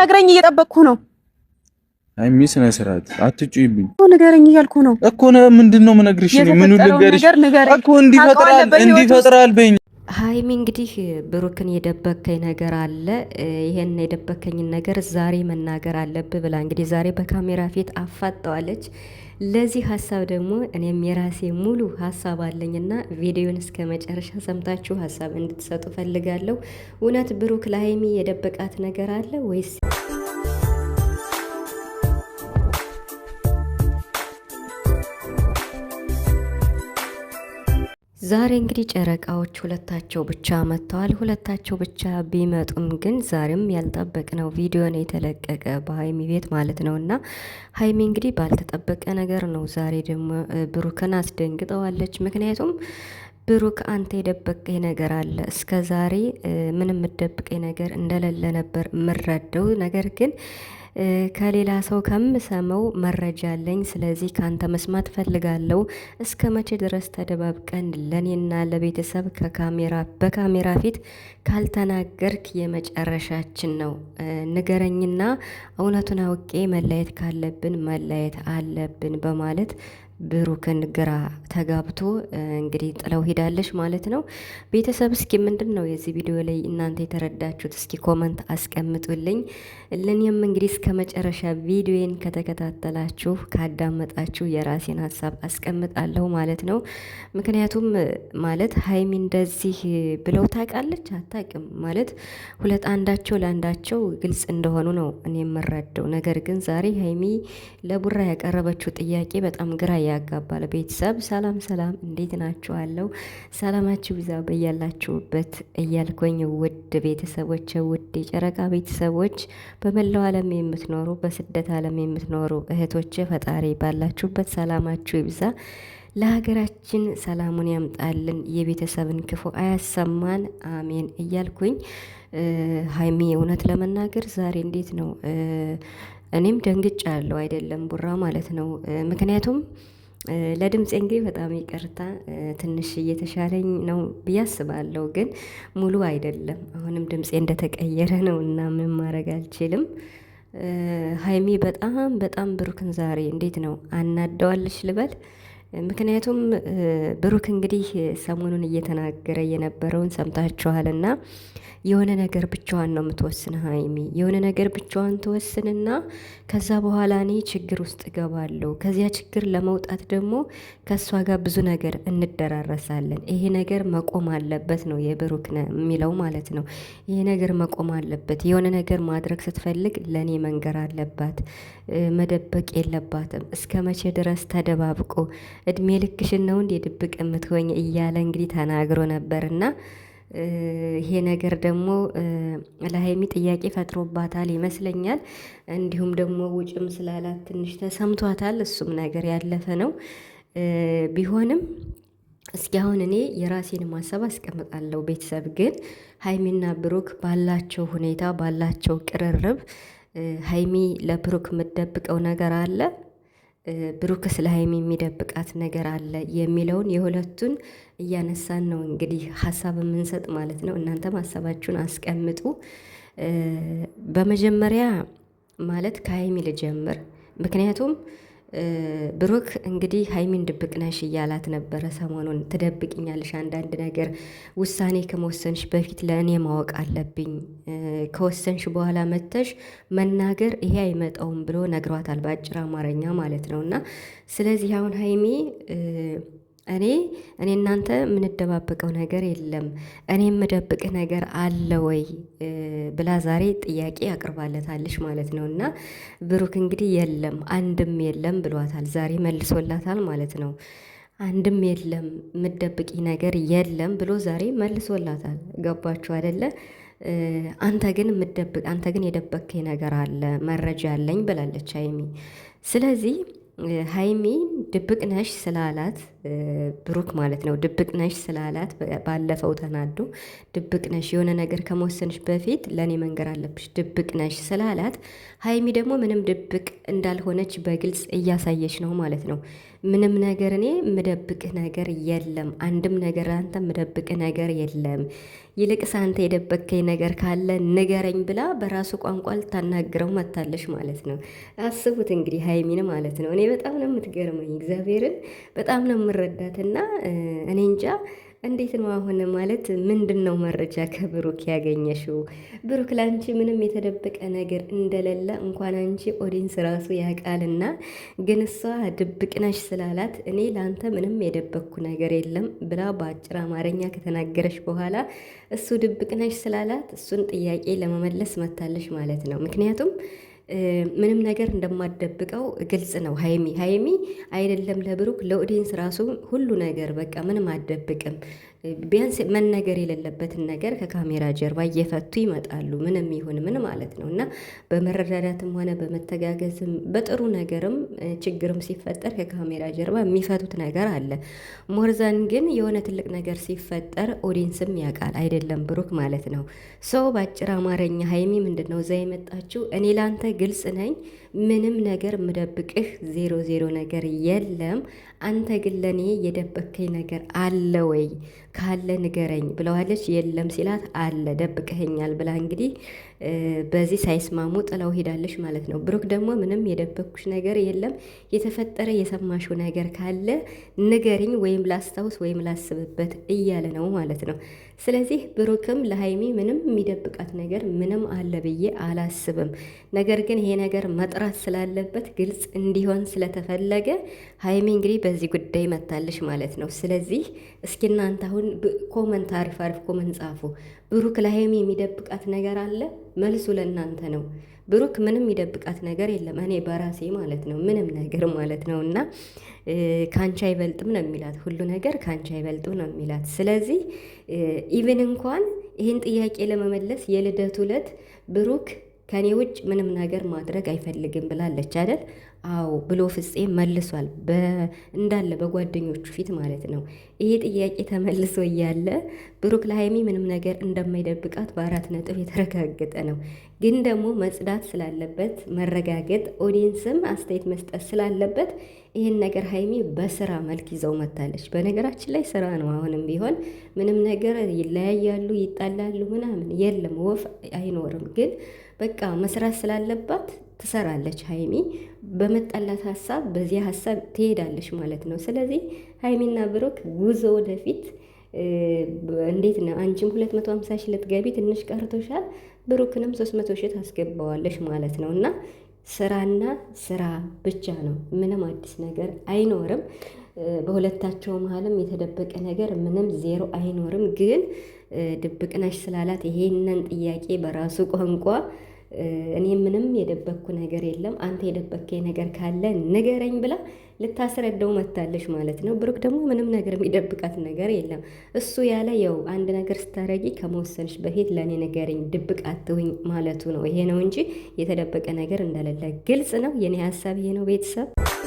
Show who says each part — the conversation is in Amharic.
Speaker 1: ነግረኝ እየጠበቅኩ ነው።
Speaker 2: አይ ምን ስነ ስርዓት አትጩይብኝ
Speaker 1: እኮ ንገረኝ እያልኩ ነው
Speaker 2: እኮ። ምንድን ነው የምነግርሽ? ምን ልንገርሽ እኮ እንዲፈጥራል እንዲፈጥራል በኝ
Speaker 1: ሀይሚ እንግዲህ ብሩክን የደበከኝ ነገር አለ፣ ይሄን የደበከኝን ነገር ዛሬ መናገር አለብ ብላ እንግዲህ ዛሬ በካሜራ ፊት አፋጠዋለች። ለዚህ ሀሳብ ደግሞ እኔም የራሴ ሙሉ ሀሳብ አለኝና ቪዲዮን እስከ መጨረሻ ሰምታችሁ ሀሳብ እንድትሰጡ ፈልጋለሁ። እውነት ብሩክ ለሀይሚ የደበቃት ነገር አለ ወይስ ዛሬ እንግዲህ ጨረቃዎች ሁለታቸው ብቻ መጥተዋል። ሁለታቸው ብቻ ቢመጡም ግን ዛሬም ያልጠበቅነው ቪዲዮ ነው የተለቀቀ በሀይሚ ቤት ማለት ነው። እና ሀይሚ እንግዲህ ባልተጠበቀ ነገር ነው ዛሬ ደግሞ ብሩክን አስደንግጠዋለች። ምክንያቱም ብሩክ አንተ የደበቀኝ ነገር አለ። እስከ ዛሬ ምንም የምደብቀኝ ነገር እንደሌለ ነበር የምረዳው ነገር ግን ከሌላ ሰው ከምሰመው መረጃ አለኝ። ስለዚህ ካንተ መስማት ፈልጋለሁ። እስከ መቼ ድረስ ተደባብቀን ለኔና ለቤተሰብ ከካሜራ በካሜራ ፊት ካልተናገርክ የመጨረሻችን ነው። ንገረኝና እውነቱን አውቄ መለየት ካለብን መለየት አለብን በማለት ብሩክን ግራ ተጋብቶ እንግዲህ ጥለው ሄዳለች ማለት ነው። ቤተሰብ እስኪ ምንድን ነው የዚህ ቪዲዮ ላይ እናንተ የተረዳችሁት? እስኪ ኮመንት አስቀምጡልኝ። ለእኔም እንግዲህ እስከ መጨረሻ ቪዲዮን ከተከታተላችሁ ካዳመጣችሁ የራሴን ሀሳብ አስቀምጣለሁ ማለት ነው። ምክንያቱም ማለት ሀይሚ እንደዚህ ብለው ታውቃለች አታውቅም ማለት ሁለት አንዳቸው ለአንዳቸው ግልጽ እንደሆኑ ነው እኔ የምረደው። ነገር ግን ዛሬ ሀይሚ ለቡራ ያቀረበችው ጥያቄ በጣም ግራ ያጋባል። ቤተሰብ ሰላም ሰላም፣ እንዴት ናችኋለሁ? ሰላማችሁ ብዛ በያላችሁበት እያልኩኝ ውድ ቤተሰቦች፣ ውድ የጨረቃ ቤተሰቦች፣ በመላው ዓለም የምትኖሩ በስደት ዓለም የምትኖሩ እህቶች ፈጣሪ ባላችሁበት ሰላማችሁ ይብዛ። ለሀገራችን ሰላሙን ያምጣልን፣ የቤተሰብን ክፉ አያሰማን፣ አሜን እያልኩኝ ሀይሚ እውነት ለመናገር ዛሬ እንዴት ነው እኔም ደንግጫ አለው አይደለም ቡራ ማለት ነው ምክንያቱም ለድምፄ እንግዲህ በጣም ይቅርታ ትንሽ እየተሻለኝ ነው ብዬ አስባለሁ፣ ግን ሙሉ አይደለም። አሁንም ድምፄ እንደተቀየረ ነው እና ምን ማድረግ አልችልም። ሀይሚ በጣም በጣም ብሩክን ዛሬ እንዴት ነው አናደዋለች ልበል ምክንያቱም ብሩክ እንግዲህ ሰሞኑን እየተናገረ የነበረውን ሰምታችኋልና የሆነ ነገር ብቻዋን ነው የምትወስን ሀይሚ። የሆነ ነገር ብቻዋን ትወስንና ከዛ በኋላ እኔ ችግር ውስጥ እገባለሁ። ከዚያ ችግር ለመውጣት ደግሞ ከእሷ ጋር ብዙ ነገር እንደራረሳለን። ይሄ ነገር መቆም አለበት ነው የብሩክ የሚለው ማለት ነው። ይሄ ነገር መቆም አለበት። የሆነ ነገር ማድረግ ስትፈልግ ለእኔ መንገር አለባት፣ መደበቅ የለባትም። እስከ መቼ ድረስ ተደባብቆ እድሜ ልክሽን ነው እንዴ ድብቅ የምትሆኝ እያለ እንግዲህ ተናግሮ ነበርና ይሄ ነገር ደግሞ ለሀይሚ ጥያቄ ፈጥሮባታል ይመስለኛል። እንዲሁም ደግሞ ውጭም ስላላት ትንሽ ተሰምቷታል። እሱም ነገር ያለፈ ነው ቢሆንም እስኪ አሁን እኔ የራሴን ማሰብ አስቀምጣለሁ። ቤተሰብ ግን ሀይሚና ብሩክ ባላቸው ሁኔታ ባላቸው ቅርርብ ሀይሚ ለብሩክ የምትደብቀው ነገር አለ ብሩክ ስለ ሀይሚ የሚደብቃት ነገር አለ የሚለውን የሁለቱን እያነሳን ነው እንግዲህ ሀሳብ የምንሰጥ ማለት ነው። እናንተም ሀሳባችሁን አስቀምጡ። በመጀመሪያ ማለት ከሀይሚ ልጀምር፣ ምክንያቱም ብሩክ እንግዲህ ሀይሚን ድብቅ ነሽ እያላት ነበረ። ሰሞኑን ትደብቅኛለሽ፣ አንዳንድ ነገር ውሳኔ ከመወሰንሽ በፊት ለእኔ ማወቅ አለብኝ፣ ከወሰንሽ በኋላ መተሽ መናገር ይሄ አይመጣውም ብሎ ነግሯታል፣ በአጭር አማርኛ ማለት ነው። እና ስለዚህ አሁን ሀይሜ እኔ እኔ እናንተ የምንደባበቀው ነገር የለም። እኔ የምደብቅ ነገር አለ ወይ ብላ ዛሬ ጥያቄ አቅርባለታለች ማለት ነው። እና ብሩክ እንግዲህ የለም አንድም የለም ብሏታል። ዛሬ መልሶላታል ማለት ነው። አንድም የለም የምደብቂ ነገር የለም ብሎ ዛሬ መልሶላታል። ገባችሁ አደለ አንተ ግን የምደብቅ አንተ ግን የደበቅህ ነገር አለ መረጃ አለኝ ብላለች ሀይሚ። ስለዚህ ሀይሚ ድብቅ ነሽ ስላላት ብሩክ ማለት ነው። ድብቅ ነሽ ስላላት ባለፈው ተናዶ ድብቅ ነሽ የሆነ ነገር ከመወሰንሽ በፊት ለእኔ መንገር አለብሽ ድብቅ ነሽ ስላላት፣ ሀይሚ ደግሞ ምንም ድብቅ እንዳልሆነች በግልጽ እያሳየች ነው ማለት ነው። ምንም ነገር እኔ ምደብቅ ነገር የለም፣ አንድም ነገር አንተ ምደብቅ ነገር የለም ይልቅስ አንተ የደበከኝ ነገር ካለ ንገረኝ ብላ በራሱ ቋንቋ ልታናግረው መታለች ማለት ነው። አስቡት እንግዲህ ሀይሚን ማለት ነው። እኔ በጣም ነው የምትገርመኝ፣ እግዚአብሔርን በጣም ነው የምረዳትና እኔ እንጃ እንዴት ነው አሁን ማለት ምንድን ነው መረጃ ከብሩክ ያገኘሽው? ብሩክ ላንቺ ምንም የተደበቀ ነገር እንደሌለ እንኳን አንቺ ኦዲንስ ራሱ ያውቃልና፣ ግን እሷ ድብቅነሽ ስላላት እኔ ላንተ ምንም የደበቅኩ ነገር የለም ብላ በአጭር አማርኛ ከተናገረች በኋላ እሱ ድብቅነሽ ስላላት እሱን ጥያቄ ለመመለስ መታለሽ ማለት ነው ምክንያቱም ምንም ነገር እንደማደብቀው ግልጽ ነው። ሀይሚ ሀይሚ አይደለም ለብሩክ ለኦዲንስ ራሱ ሁሉ ነገር በቃ ምንም አደብቅም። ቢያንስ መነገር የሌለበትን ነገር ከካሜራ ጀርባ እየፈቱ ይመጣሉ። ምንም ይሁን ምን ማለት ነው እና በመረዳዳትም ሆነ በመተጋገዝም በጥሩ ነገርም ችግርም ሲፈጠር ከካሜራ ጀርባ የሚፈቱት ነገር አለ። ሞርዛን ግን የሆነ ትልቅ ነገር ሲፈጠር ኦዲንስም ያውቃል አይደለም ብሩክ ማለት ነው። ሰው በአጭር አማርኛ ሀይሚ ምንድን ነው እዛ የመጣችው? እኔ ላንተ ግልጽ ነኝ ምንም ነገር ምደብቅህ ዜሮ ዜሮ ነገር የለም። አንተ ግን ለእኔ የደበከኝ ነገር አለ ወይ? ካለ ንገረኝ ብለዋለች። የለም ሲላት አለ ደብቀኸኛል ብላ እንግዲህ በዚህ ሳይስማሙ ጥለው ሄዳለች ማለት ነው። ብሩክ ደግሞ ምንም የደበኩሽ ነገር የለም የተፈጠረ የሰማሽው ነገር ካለ ንገሪኝ፣ ወይም ላስታውስ ወይም ላስብበት እያለ ነው ማለት ነው። ስለዚህ ብሩክም ለሀይሚ ምንም የሚደብቃት ነገር ምንም አለ ብዬ አላስብም። ነገር ግን ይሄ ነገር መጥራት ስላለበት ግልጽ እንዲሆን ስለተፈለገ ሀይሚ እንግዲህ በዚህ ጉዳይ መታለች ማለት ነው። ስለዚህ እስኪ እናንተ አሁን ኮመንት አሪፍ አሪፍ ኮመንት ጻፉ። ብሩክ ለሀይሚ የሚደብቃት ነገር አለ? መልሱ ለእናንተ ነው። ብሩክ ምንም ይደብቃት ነገር የለም። እኔ በራሴ ማለት ነው ምንም ነገር ማለት ነው እና ከአንቺ አይበልጥም ነው የሚላት ሁሉ ነገር ከአንቺ አይበልጥም ነው የሚላት። ስለዚህ ኢቭን እንኳን ይህን ጥያቄ ለመመለስ የልደቱ ዕለት ብሩክ ከኔ ውጭ ምንም ነገር ማድረግ አይፈልግም ብላለች አይደል? አዎ ብሎ ፍፄ መልሷል። እንዳለ በጓደኞቹ ፊት ማለት ነው። ይህ ጥያቄ ተመልሶ እያለ ብሩክ ለሀይሚ ምንም ነገር እንደማይደብቃት በአራት ነጥብ የተረጋገጠ ነው። ግን ደግሞ መጽዳት ስላለበት መረጋገጥ፣ ኦዲየንስም አስተያየት መስጠት ስላለበት ይህን ነገር ሀይሚ በስራ መልክ ይዘው መታለች። በነገራችን ላይ ስራ ነው። አሁንም ቢሆን ምንም ነገር ይለያያሉ፣ ይጣላሉ፣ ምናምን የለም ወፍ አይኖርም። ግን በቃ መስራት ስላለባት ትሰራለች ሀይሚ በመጣላት ሀሳብ በዚያ ሀሳብ ትሄዳለች ማለት ነው። ስለዚህ ሀይሚና ብሩክ ጉዞ ወደፊት እንዴት ነው? አንቺም ሁለት መቶ ሀምሳ ሺህ ልትገቢ ትንሽ ቀርቶሻል። ብሩክንም ሶስት መቶ ሺህ አስገባዋለች ማለት ነው እና ስራና ስራ ብቻ ነው። ምንም አዲስ ነገር አይኖርም። በሁለታቸው መሀልም የተደበቀ ነገር ምንም ዜሮ አይኖርም። ግን ድብቅናሽ ስላላት ይሄንን ጥያቄ በራሱ ቋንቋ እኔ ምንም የደበቅኩ ነገር የለም፣ አንተ የደበቅከኝ ነገር ካለ ንገረኝ ብላ ልታስረዳው መታለች ማለት ነው። ብሩክ ደግሞ ምንም ነገር የሚደብቃት ነገር የለም። እሱ ያለ ያው አንድ ነገር ስታረጊ ከመወሰንሽ በፊት ለእኔ ንገረኝ፣ ድብቅ አትሁኝ ማለቱ ነው። ይሄ ነው እንጂ የተደበቀ ነገር እንደሌለ ግልጽ ነው። የኔ ሀሳብ ይሄ ነው ቤተሰብ